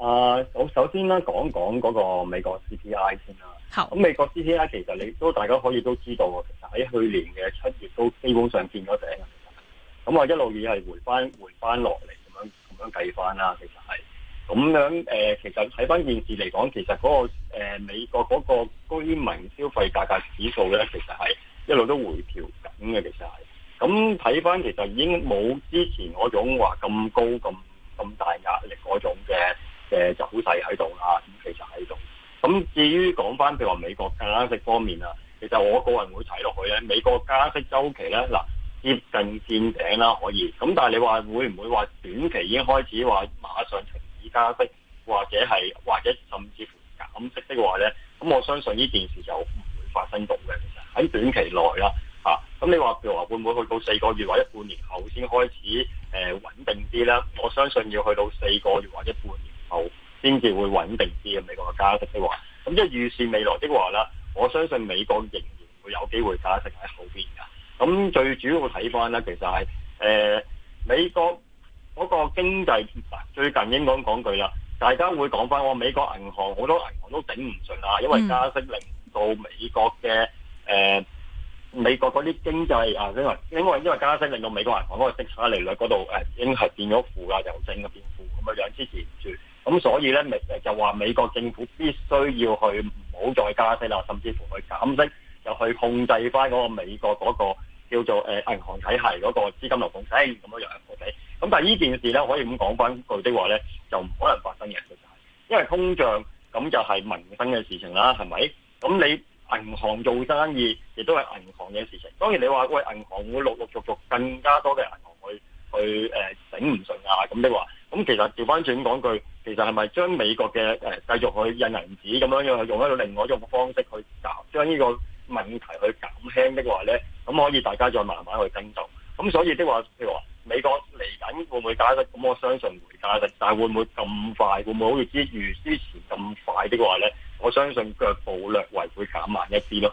啊，uh, 我首先咧講講嗰個美國 CPI 先啦。好，咁美國 CPI 其實你都大家可以都知道，其實喺去年嘅七月都基本上見咗頂嘅。咁啊一路以係回翻回翻落嚟咁樣，咁樣計翻啦，其實係咁樣誒。其實睇翻現時嚟講，其實嗰、嗰個、呃、美國嗰個居民消費價格指數咧，其實係一路都回調緊嘅。其實係咁睇翻，其實已經冇之前嗰種話咁高咁咁大壓力嗰種嘅。嘅就好細喺度啦，咁其實喺度。咁至於講翻，譬如話美國加息方面啊，其實我個人會睇落去咧，美國加息周期咧，嗱接近見頂啦，可以。咁但係你話會唔會話短期已經開始話馬上停止加息，或者係或者甚至乎減息的話咧？咁我相信呢件事就唔會發生到嘅。其實喺短期內啦，咁、啊、你話譬如話會唔會去到四個月或者半年後先開始、呃、穩定啲咧？我相信要去到四個月或者半年。好先至會穩定啲嘅美國嘅加息的話，咁即係預算未來的話啦，我相信美國仍然會有機會加息喺後邊噶。咁最主要睇翻咧，其實係誒、呃、美國嗰個經濟最近應該講句啦，大家會講翻我美國銀行好多銀行都頂唔順啦，因為加息令到美國嘅誒、呃、美國嗰啲經濟啊，因為因為因為加息令到美國銀行嗰個息差利率嗰度誒已經係變咗負噶，由正嘅變負咁嘅樣支持唔住。咁所以咧，美就話美國政府必須要去唔好再加息啦，甚至乎去減息，又去控制翻嗰個美國嗰個叫做銀行體系嗰個資金流動性咁樣樣，OK？咁但係呢件事咧，可以咁講翻句的話咧，就唔可能發生嘅，就係因為通脹咁就係民生嘅事情啦，係咪？咁你銀行做生意亦都係銀行嘅事情，當然你話喂，銀行會陸陸續續更加多嘅銀行會去去誒、呃、整唔順啊，咁的話？咁其實調翻轉講句，其實係咪將美國嘅、呃、繼續去印銀紙咁樣樣，用一個另外一種方式去搞，將呢個問題去減輕的話咧，咁可以大家再慢慢去跟進。咁所以的話，譬如話美國嚟緊會唔會打個，咁我相信回解嘅，但係會唔會咁快？會唔會好似之如之前咁快的話咧？我相信腳步略為會減慢一啲咯。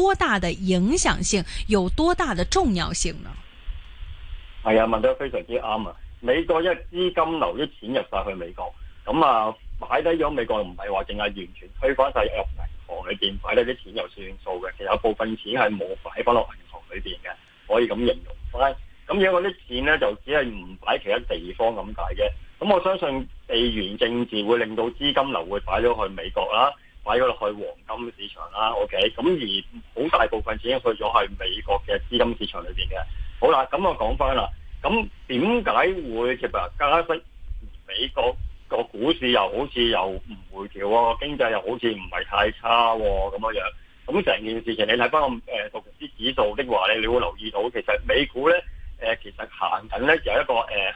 多大的影響性，有多大的重要性呢？係啊，問得非常之啱啊！美國因為資金流，啲錢入晒去美國，咁啊擺低咗美國唔係話淨係完全推翻晒入銀，銀行裏邊擺低啲錢就算數嘅，其實有部分錢係冇擺翻落銀行裏邊嘅，可以咁形容。咁因為啲錢咧就只係唔擺其他地方咁解嘅，咁我相信地緣政治會令到資金流會擺咗去美國啦。擺咗落去黃金市場啦，OK，咁而好大部分錢已經去咗係美國嘅資金市場裏邊嘅。好啦，咁我講翻啦，咁點解會其實加息美國個股市又好似又唔回調喎？經濟又好似唔係太差喎、哦，咁樣樣。咁成件事情你睇翻誒道瓊斯指數的話咧，你會留意到其實美股咧誒、呃，其實行緊咧有一個誒、呃、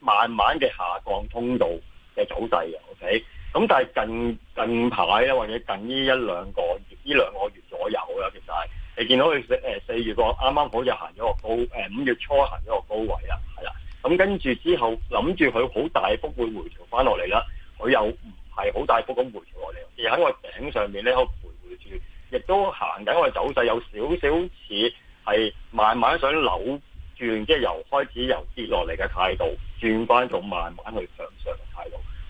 慢慢嘅下降通道嘅走勢嘅，OK。咁、嗯、但係近近排咧，或者近呢一兩個月、兩個月左右啦，其實係你見到佢四、呃、四月個啱啱好就行咗個高、呃，五月初行咗個高位啦，係啦。咁、嗯、跟住之後諗住佢好大幅會回調翻落嚟啦，佢又唔係好大幅咁回調落嚟，而喺個頂上面咧，回我徘徊住，亦都行緊個走勢有少少似係慢慢想扭轉，即、就、係、是、由開始由跌落嚟嘅態度轉翻到慢慢去上。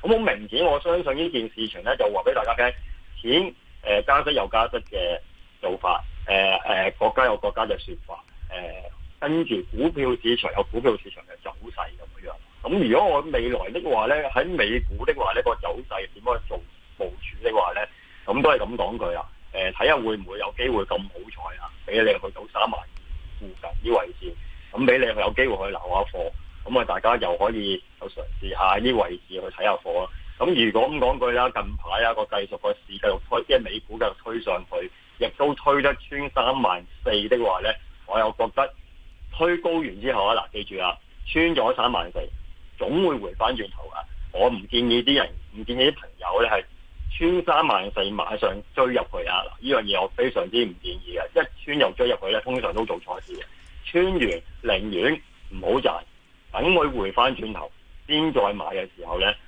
咁好明顯，我相信呢件事情咧就話俾大家聽，錢、呃、加息有加息嘅做法，呃呃、國家有國家嘅說法，跟、呃、住股票市場有股票市場嘅走勢咁樣。咁如果我未來的話咧，喺美股的話呢、個走勢點樣做部署嘅話咧，咁都係咁講句啊，睇、呃、下會唔會有機會咁好彩啊，俾你去到三萬附近呢位置，咁俾你有機會去留下貨，咁啊大家又可以有嘗試下呢位置。睇下貨啊。咁如果咁講句啦，近排呀個繼續個市繼續推，即係美股繼續推上去，亦都推得穿三萬四的話呢，我又覺得推高完之後啊，嗱，記住啊，穿咗三萬四總會回翻轉頭啊。我唔建議啲人，唔建議啲朋友呢，係穿三萬四馬上追入去啊！嗱，呢樣嘢我非常之唔建議啊。一穿又追入去呢，通常都做錯事嘅。穿完寧願唔好賺，等佢回翻轉頭先再買嘅時候呢。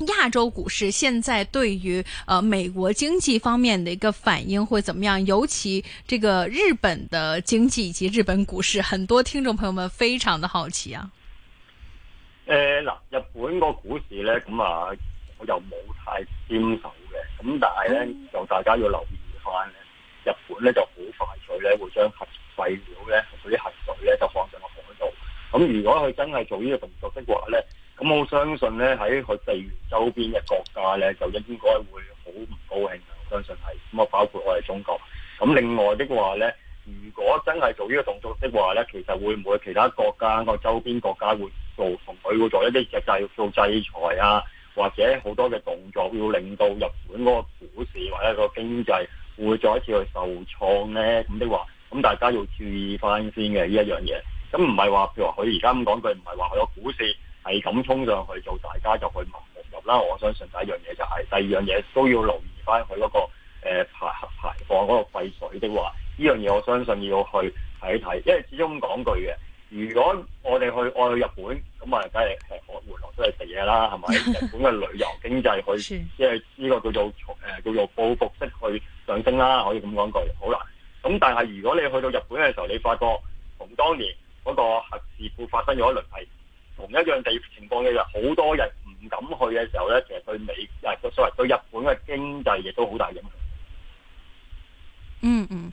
亞洲股市現在對於，呃，美國經濟方面的一個反應會怎麼樣？尤其這個日本的經濟以及日本股市，很多聽眾朋友們非常的好奇啊。誒，嗱，日本個股市咧，咁、嗯、啊，我又冇太堅手牽手嘅，咁但係咧，嗯、就大家要留意翻咧，日本咧就好快脆咧，會將核廢料咧，嗰啲核水咧，就放上個海度。咁、嗯嗯、如果佢真係做呢個動作的話咧。咁我相信咧，喺佢地緣周邊嘅國家咧，就應該會好唔高興。我相信係咁啊，包括我哋中國。咁另外的話咧，如果真係做呢個動作的話咧，其實會唔會其他國家，個周邊國家會做，同佢會做一啲嘅制做制裁啊，或者好多嘅動作，要令到日本嗰個股市或者個經濟會再一次去受創咧？咁的話，咁大家要注意翻先嘅呢一樣嘢。咁唔係話譬如話佢而家咁講句，唔係話佢個股市。係咁衝上去做，大家就去盲目入啦。我相信第一樣嘢就係，第二樣嘢都要留意翻佢嗰個排排放嗰個廢水的話，呢樣嘢我相信要去睇一睇。因為始終講句嘅，如果我哋去愛去日本咁啊，梗係係我回落都係食嘢啦，係咪？日本嘅旅遊經濟去即係呢個叫做叫做報復式去上升啦，可以咁講句，好難。咁但係如果你去到日本嘅時候，你發覺同當年嗰個核事故發生咗一輪係。同一樣地情況嘅就好多人唔敢去嘅時候咧，其實對美，所謂對日本嘅經濟亦都好大影響。嗯嗯。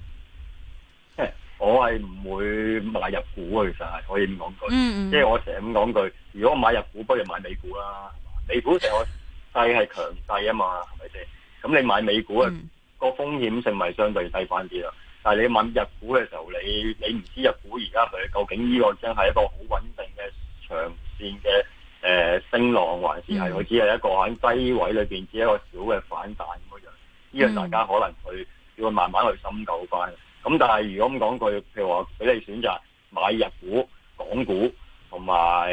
我係唔會買入股啊，其實係可以咁講句，即係、mm hmm. 我成日咁講句。如果買入股，不如買美股啦。美股成個勢係強勢啊嘛，係咪先？咁你買美股啊，個、mm hmm. 風險性咪相對低翻啲啦。但係你買入股嘅時候，你你唔知入股而家佢究竟呢個真係一個好穩定嘅長線嘅誒、呃、升浪，還是係佢只係一個喺低位裏邊只係一個小嘅反彈咁樣。呢、mm hmm. 個大家可能去要慢慢去深究翻。咁但係如果咁講句，譬如話俾你選擇買日股、港股同埋誒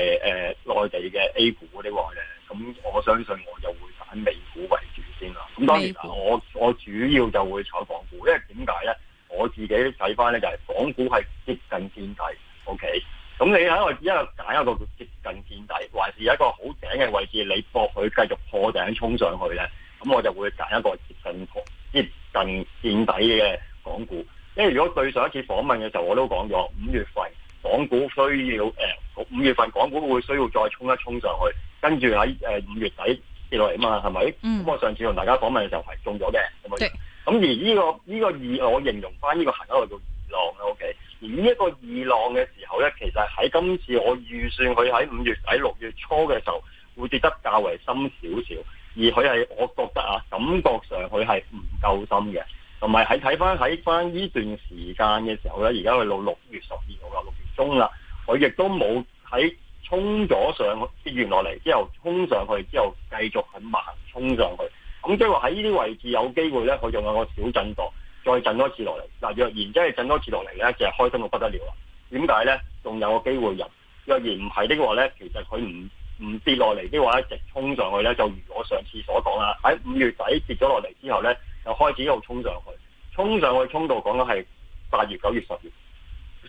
內地嘅 A 股嗰啲話咧，咁我相信我就會揀美股為主先啦。咁當然我我主要就會炒港股，因為點解咧？我自己睇翻咧，就係港股係接近見底。OK，咁你喺度依揀一個接近見底，或者係一個好頂嘅位置，你博佢繼續破頂衝上去咧？咁我就會揀一個接近接近見底嘅港股。如果對上一次訪問嘅時候，我都講咗五月份港股需要、呃、五月份港股會需要再衝一衝上去，跟住喺五月底跌落嚟嘛，係咪？咁、嗯、我上次同大家訪問嘅時候係中咗嘅，咁樣是。咁、嗯、而呢、呢個呢、呢個二浪，我形容翻呢個行咗去叫二浪啦。O、OK? K，而呢一個二浪嘅時候咧，其實喺今次我預算佢喺五月底六月初嘅時候會跌得較為深少少，而佢係我覺得啊，感覺上佢係唔夠深嘅。同埋喺睇翻喺翻呢段時間嘅時候咧，而家去到六月十二號啦，六月中啦，佢亦都冇喺衝咗上跌完落嚟之後，衝上去之後繼續喺慢衝上去，咁即係話喺呢啲位置有機會咧，佢仲有個小震盪，再震多次落嚟嗱。若然真係震多次落嚟咧，就係開心到不得了啦。點解咧？仲有個機會入。若然唔係的話咧，其實佢唔唔跌落嚟的話，一直衝上去咧，就如我上次所講啦，喺五月底跌咗落嚟之後咧。就開始又衝上去，衝上去衝到講緊係八月、九月、十月，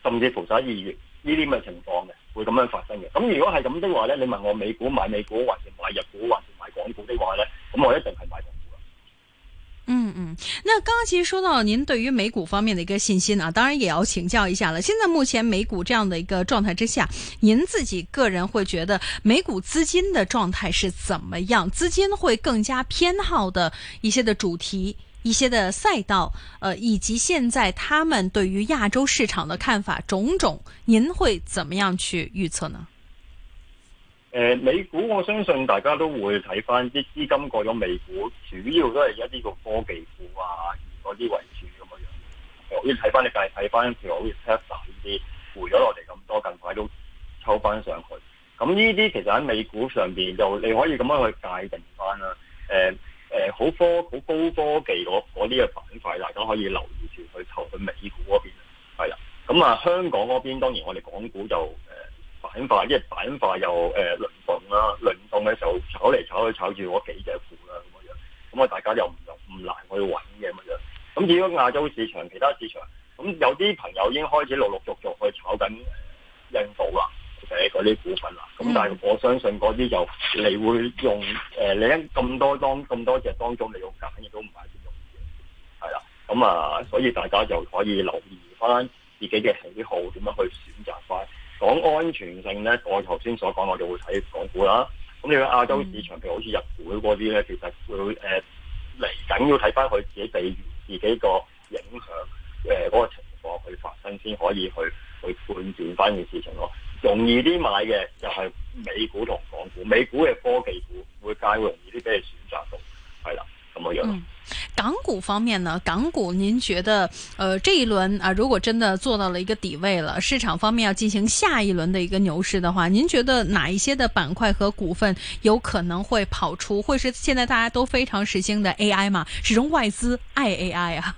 甚至乎十一二月呢啲咁嘅情況嘅，會咁樣發生嘅。咁如果係咁的話呢？你問我美股買美股，還是買日股，還是買港股的話呢？咁我一定係買港股。嗯嗯，那剛剛其實說到您對於美股方面嘅一個信心啊，當然也要請教一下啦。現在目前美股這樣嘅一個狀態之下，您自己個人會覺得美股資金嘅狀態是點樣？資金會更加偏好的一些嘅主題？一些的賽道，呃，以及現在他們對於亞洲市場的看法，種種，您會怎麼樣去預測呢？誒、呃，美股我相信大家都會睇翻啲資金過咗美股，主要都係一啲個科技股啊，以嗰啲為主咁樣樣。我要睇翻你介睇翻，譬如好似 Tesla 呢啲回咗落嚟咁多，近排都抽翻上去。咁呢啲其實喺美股上邊就你可以咁樣去界定。好科好高科技嗰啲嘅板塊，大家可以留意住去投去美股嗰邊，係啊，咁啊香港嗰邊當然我哋港股就、呃、板塊，即係板塊又、呃、輪動啦，輪動嘅時候炒嚟炒，炒去炒住嗰幾隻股啦咁樣，咁啊大家又唔又唔難去揾嘅咁樣，咁至於亞洲市場其他市場，咁有啲朋友已經開始陸陸續續去炒緊、呃、印度啦，或者嗰啲股份啦。咁、嗯、但係我相信嗰啲就你會用誒、呃，你喺咁多當咁多隻當中你要揀，亦都唔係一件容易嘅，係啦。咁、嗯、啊，所以大家就可以留意翻自己嘅喜好，點樣去選擇翻講安全性咧。我頭先所講，我哋會睇港股啦。咁你話亞洲市場譬如好似日股嗰啲咧，其實會誒嚟緊要睇翻佢自己地自己個影響誒嗰、呃那個情況去發生，先可以去去判斷翻件事情咯。容易啲買嘅就係美股同港股，美股嘅科技股會介乎容易啲俾你選擇到，係啦咁樣。港股方面呢？港股，您覺得，呃這一輪啊，如果真的做到了一個底位了，市場方面要進行下一輪的一個牛市的話，您覺得哪一些的板塊和股份有可能會跑出？會是現在大家都非常時興的 AI 嘛？始終外資愛 AI 啊。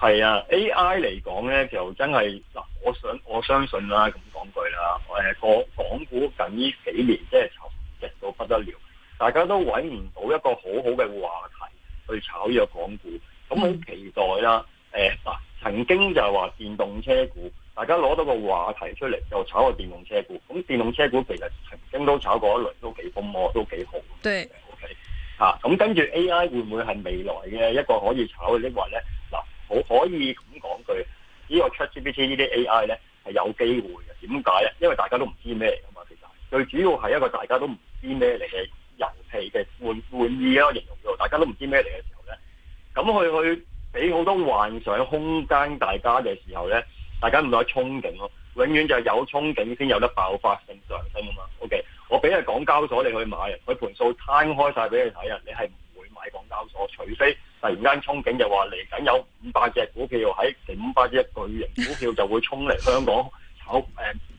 係啊，AI 嚟講呢，就真係。我想我相信啦，咁講句啦，誒、呃，個港股近呢幾年真係沉靜到不得了，大家都搵唔到一個好好嘅話題去炒呢個港股，咁好期待啦。誒、嗯，嗱、欸呃，曾經就係話電動車股，大家攞到個話題出嚟就炒個電動車股，咁電動車股其實曾經都炒過一輪，都幾瘋喎，都幾好。OK 吓，咁、okay? 啊、嗯、跟住 AI 會唔會係未來嘅一個可以炒嘅一環咧？嗱、呃，好可以咁講句。呢個 ChatGPT 呢啲 AI 呢，係有機會嘅，點解咧？因為大家都唔知咩嚟噶嘛，其實最主要係一個大家都唔知咩嚟嘅遊戲嘅玩玩意咯，形容到大家都唔知咩嚟嘅時候呢，咁佢去俾好多幻想空間大家嘅時候呢，大家咁多憧憬咯，永遠就係有憧憬先有得爆發性上升噶嘛。O.K. 我俾佢港交所你去買人，佢盤數攤開晒俾你睇人，你係唔會買港交所，除非。突然間憧憬就話嚟緊有五百隻股票喺，五百隻巨型股票就會衝嚟香港炒，誒誒、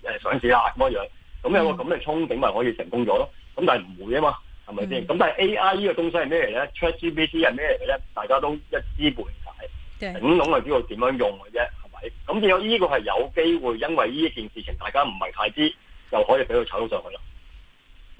呃、上市啦咁樣，咁有個咁嘅憧憬咪可以成功咗咯？咁、嗯、但係唔會啊嘛，係咪先？咁、嗯、但係 A I 呢個東西係咩嚟咧？Chat GPT 係咩嚟嘅咧？大家都一知半解，頂籠係知道點樣用嘅啫，係咪？咁只有呢個係有機會，因為呢一件事情大家唔係太知，就可以俾佢炒到上去啦。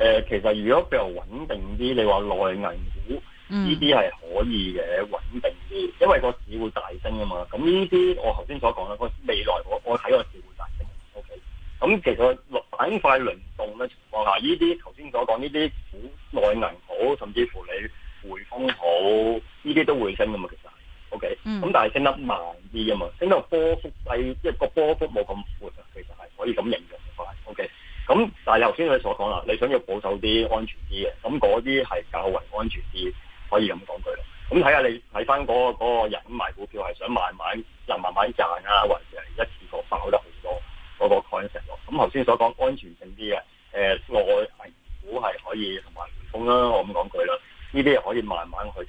誒、呃，其實如果比較穩定啲，你話內銀股呢啲係可以嘅，穩定啲，因為個市會大升啊嘛。咁呢啲我頭先所講啦，個未來我我睇個市會大升。O K. 咁其實板塊輪動嘅情況下，呢啲頭先所講呢啲股，內銀好，甚至乎你匯豐好，呢啲都會升噶嘛，其實。O K. 咁但係升得慢啲啊嘛，升到波幅低，即係個波幅冇咁闊啊。其實係可以咁形容嘅，快。O K. 咁但係頭先佢所講啦，你想要保守啲、安全啲嘅，咁嗰啲係較為安全啲，可以咁講佢啦。咁睇下你睇翻嗰個人買股票係想慢慢又慢慢賺啊，還是係一次過爆得好多嗰個 concept 咯？咁頭先所講安全性啲嘅，誒外幣股係可以同埋唔同啦，我咁講佢啦，呢啲可以慢慢去。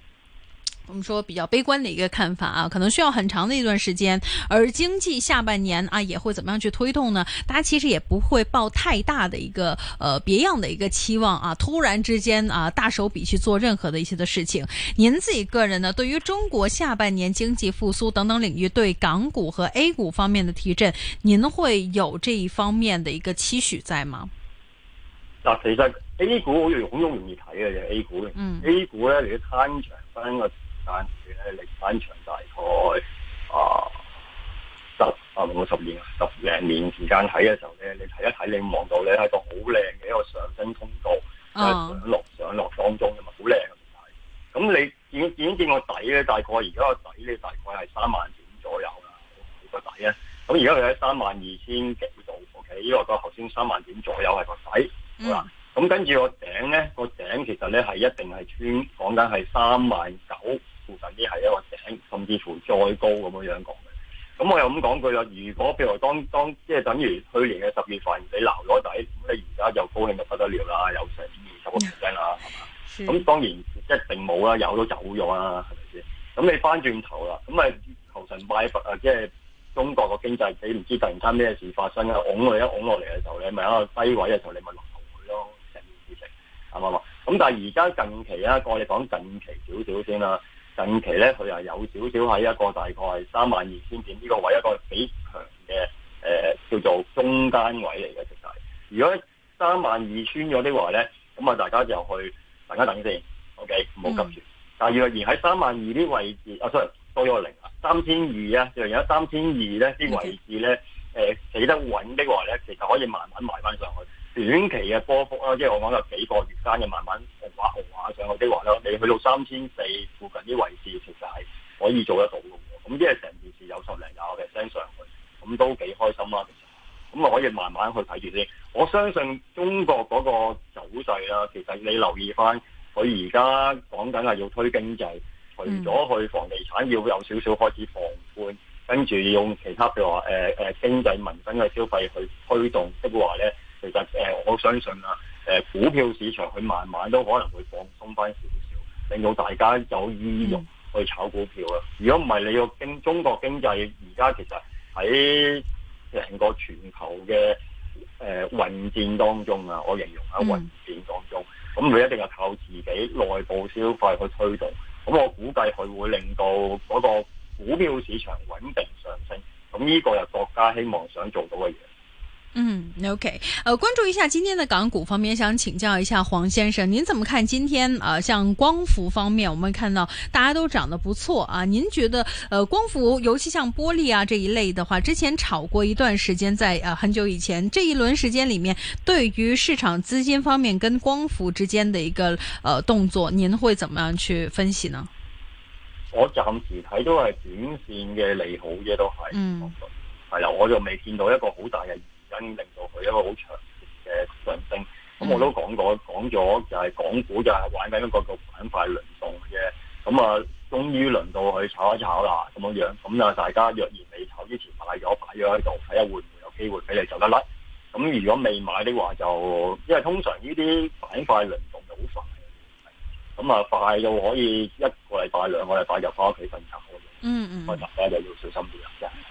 我們說比較悲觀的一個看法啊，可能需要很長的一段時間，而經濟下半年啊也會怎麼樣去推動呢？大家其實也不會抱太大的一個呃別樣的一個期望啊，突然之間啊大手筆去做任何的一些的事情。您自己個人呢，對於中國下半年經濟復甦等等領域對港股和 A 股方面的提振，您會有這一方面的一個期許在嗎？那其實 A 股好容好容易睇嘅，就、這個、A 股嘅，嗯，A 股呢，你攤長翻個、啊。翻你翻長大概啊十啊五十年、十零年時間睇嘅時候咧，你睇一睇你望到咧係個好靚嘅一個上升通道，就是、上落上落當中嘅嘛，好靚嘅狀態。咁你已已經見個底咧，大概而家個底咧大概係三萬點左右啦。好，呢個底咧，咁而家佢喺三萬二千幾度，OK？呢個個頭先三萬點左右係個底，好嗱，咁跟住個頂咧，個頂其實咧係一定係穿，講緊係三萬九。啲係一個頂，甚至乎再高咁樣樣講嘅。咁我又咁講句啦，如果譬如當當即係等於去年嘅十月份你留咗底，咁你而家又高興就不得了啦，有成二十個 percent 啦，係嘛？咁 當然一定冇啦，有都走咗啦，係咪先？咁你翻轉頭啦，咁啊頭先買伏啊，即係中國個經濟，你唔知突然間咩事發生啊，拱落一拱落嚟嘅時候，你咪喺個低位嘅時候，你咪落套佢咯，成面跌食啱唔啱？咁但係而家近期啊，我哋講近期少少先啦。近期咧，佢又有少少喺一個大概三萬二千點呢個位，一個幾強嘅誒叫做中間位嚟嘅其實。如果三萬二穿咗啲話咧，咁啊大家就去等一等先，OK，唔好急住。Mm hmm. 但係而喺三萬二啲位置，啊，sorry，多咗個零 3, 200, 啊，三千二啊，仲有三千二咧啲位置咧，誒企、mm hmm. 呃、得穩啲話咧，其實可以慢慢賣翻上去。短期嘅波幅啦，即、就、係、是、我講有幾個月間嘅慢慢畫畫上去啲話啦，你去到三千四。可以做得到嘅，咁即係成件事有十零廿 percent 上去，咁、嗯、都幾開心啦。咁啊，嗯、可以慢慢去睇住先。我相信中國嗰個走勢啊，其實你留意翻，佢而家講緊係要推經濟，除咗去房地產要有少少開始放寬，跟住用其他譬如話誒誒經濟民生嘅消費去推動，即係話咧，其實誒、呃、我相信啊，誒股票市場佢慢慢都可能會放鬆翻少少，令到大家有意欲。嗯去炒股票啊！如果唔係，你要經中國經濟而家其實喺成個全球嘅誒混戰當中啊，我形容喺混戰當中，咁佢一、嗯、一定係靠自己內部消費去推動。咁我估計佢會令到嗰個股票市場穩定上升。咁呢個係國家希望想做到嘅嘢。嗯，OK，呃，關注一下今天的港股方面，想請教一下黃先生，您怎麼看今天啊、呃，像光伏方面，我們看到大家都漲得不錯啊。您覺得，呃，光伏，尤其像玻璃啊這一類的話，之前炒過一段時間，在、呃、啊很久以前，這一輪時間裡面，對於市場資金方面跟光伏之間的一個呃動作，您會怎麼樣去分析呢？我暫時睇都係短線嘅利好嘅，都係，係啦、嗯，我就未見到一個好大嘅。跟令到佢一個好長期嘅上升，咁我都講過講咗，就係港股就係玩緊一個個板塊輪動嘅咁啊，終於輪到去炒一炒啦，咁樣咁啊，大家若然未炒之前買咗擺咗喺度，睇下會唔會有機會俾你走得甩。咁如果未買的話就，就因為通常呢啲板塊輪動就好快，咁啊快到可以一個禮拜兩個禮拜返屋企瞓覺。嗯嗯，我大家就要小心啲。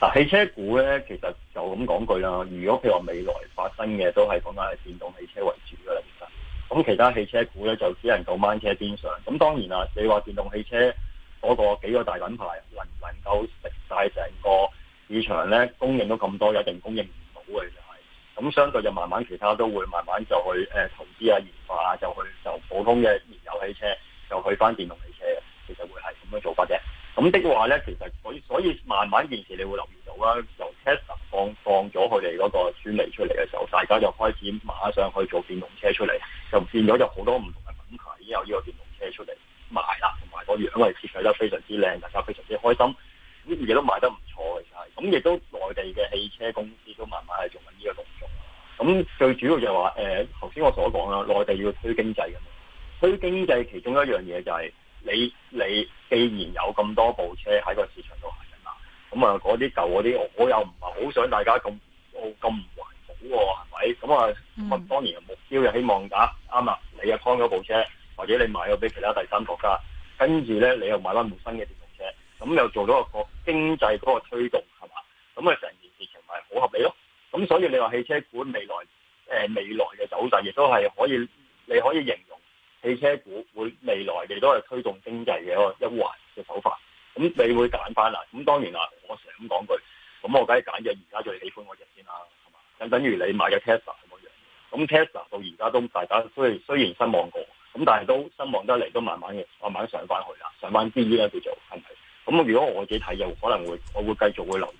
嗱，汽車股咧，其實就咁講句啦。如果譬如話未來發生嘅，都係講緊係電動汽車為主噶啦。其實，咁其他汽車股咧，就只能掹車邊上。咁當然啦，你話電動汽車嗰個幾個大品牌能唔能夠食曬成個市場咧？供應到咁多，一定供應唔到嘅，就係咁。相對就慢慢其他都會慢慢就去、呃、投資啊、研發啊，就去就普通嘅燃油汽車，就去翻電動汽車，其實會係咁嘅做法啫。咁的話咧，其實所以所以慢慢件事，你會留意到啦。由 Tesla 放放咗佢哋嗰個專利出嚟嘅時候，大家就開始馬上去做電動車出嚟，就變咗有好多唔同嘅品牌有呢個電動車出嚟賣啦。同埋嗰樣，因為設計得非常之靚，大家非常之開心，咁嘢都賣得唔錯嘅，就係、是、咁。亦都內地嘅汽車公司都慢慢係做緊呢個動作。咁最主要就係話，誒頭先我所講啦，內地要推經濟嘅，推經濟其中一樣嘢就係、是。既然有咁多部車喺個市場度行緊啦，咁啊嗰啲舊嗰啲，我又唔係好想大家咁好咁唔環保喎，係咪？咁啊，我當然目標又希望打啱啦。你又拋咗部車，或者你買咗俾其他第三國家，跟住咧你又買翻部新嘅電動車，咁又做咗個經濟嗰個推動，係嘛？咁啊成件事情咪好合理咯。咁所以你話汽車股未來誒、呃、未來嘅走勢，亦都係可以你可以形容汽車股。未來你都係推動經濟嘅一個一環嘅手法，咁你會揀翻啦。咁當然啦，我成日咁講句，咁我梗係揀隻而家最喜歡嗰隻先啦，係嘛？咁等於你買嘅 Tesla 係咪一樣？咁 Tesla 到而家都大家都雖雖然失望過，咁但係都失望得嚟都慢慢嘅，慢慢上翻去啦，上翻啲咧叫做係咪？咁如果我自己睇就可能會，我會繼續會留意。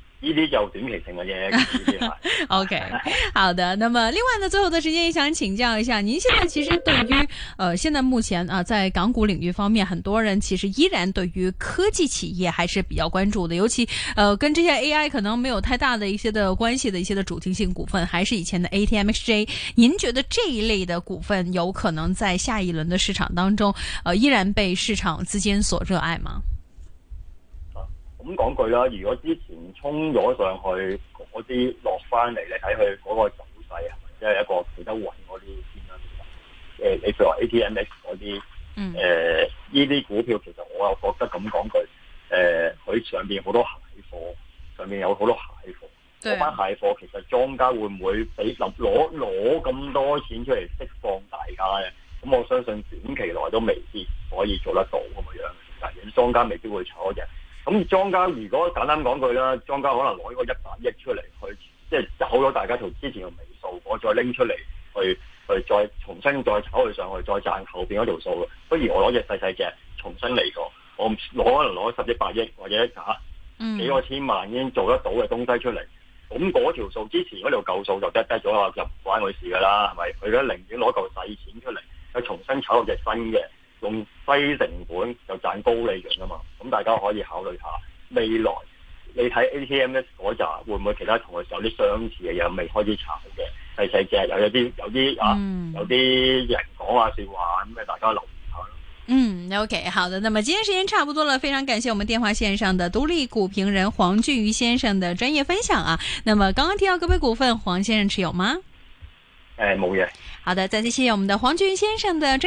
呢啲就短期性嘅嘢，OK，好的。那麼，另外呢，最後的時間也想請教一下，您現在其實對於呃，現在目前啊、呃，在港股領域方面，很多人其實依然對於科技企業還是比較關注的，尤其呃，跟這些 AI 可能沒有太大的一些的關係的一些的主題性股份，還是以前的 ATMXJ。您覺得這一類的股份有可能在下一輪的市場當中，呃，依然被市場資金所熱愛嗎？咁講句啦，如果之前衝咗上去嗰啲落翻嚟，你睇佢嗰個走勢啊，即係一個企得穩嗰啲先啦。你譬如話 ATMS 嗰啲，呢、呃、啲、嗯、股票其實我又覺得咁講句，佢、呃、上面好多蟹貨，上面有好多蟹貨，嗰對班蟹貨其實莊家會唔會俾攞攞攞咁多錢出嚟釋放大家咧？咁我相信短期內都未必可以做得到咁樣樣，但係莊家未必會坐嘅。咁莊家如果簡單講句啦，莊家可能攞個一百億出嚟，去即係走咗大家條之前嘅尾數，我再拎出嚟去去再重新再炒佢上去，再賺後面嗰條數。不如我攞隻細細隻，重新嚟過，我攞可能攞十億、八億或者打幾個千萬已經做得到嘅東西出嚟。咁嗰條數之前嗰條舊數就得，得咗啦，就唔關我事㗎啦，係咪？佢都寧願攞嚿細錢出嚟去重新炒隻新嘅。用低成本就賺高利潤噶嘛，咁大家可以考慮下未來。你睇 ATMS 嗰扎會唔會其他同佢有啲相似嘅？又未開始炒嘅，細細隻，有有啲有啲啊，有啲人講話說話咁，咪大家留意下咯。嗯，OK，好的，那麼今天時間差不多了，非常感謝我們電話線上的獨立股評人黃竣渝先生的專業分享啊。那麼剛剛提到個別股份，黃先生持有嗎？誒、呃，冇嘢。好的，再次謝謝我們的黃竣渝先生的專業。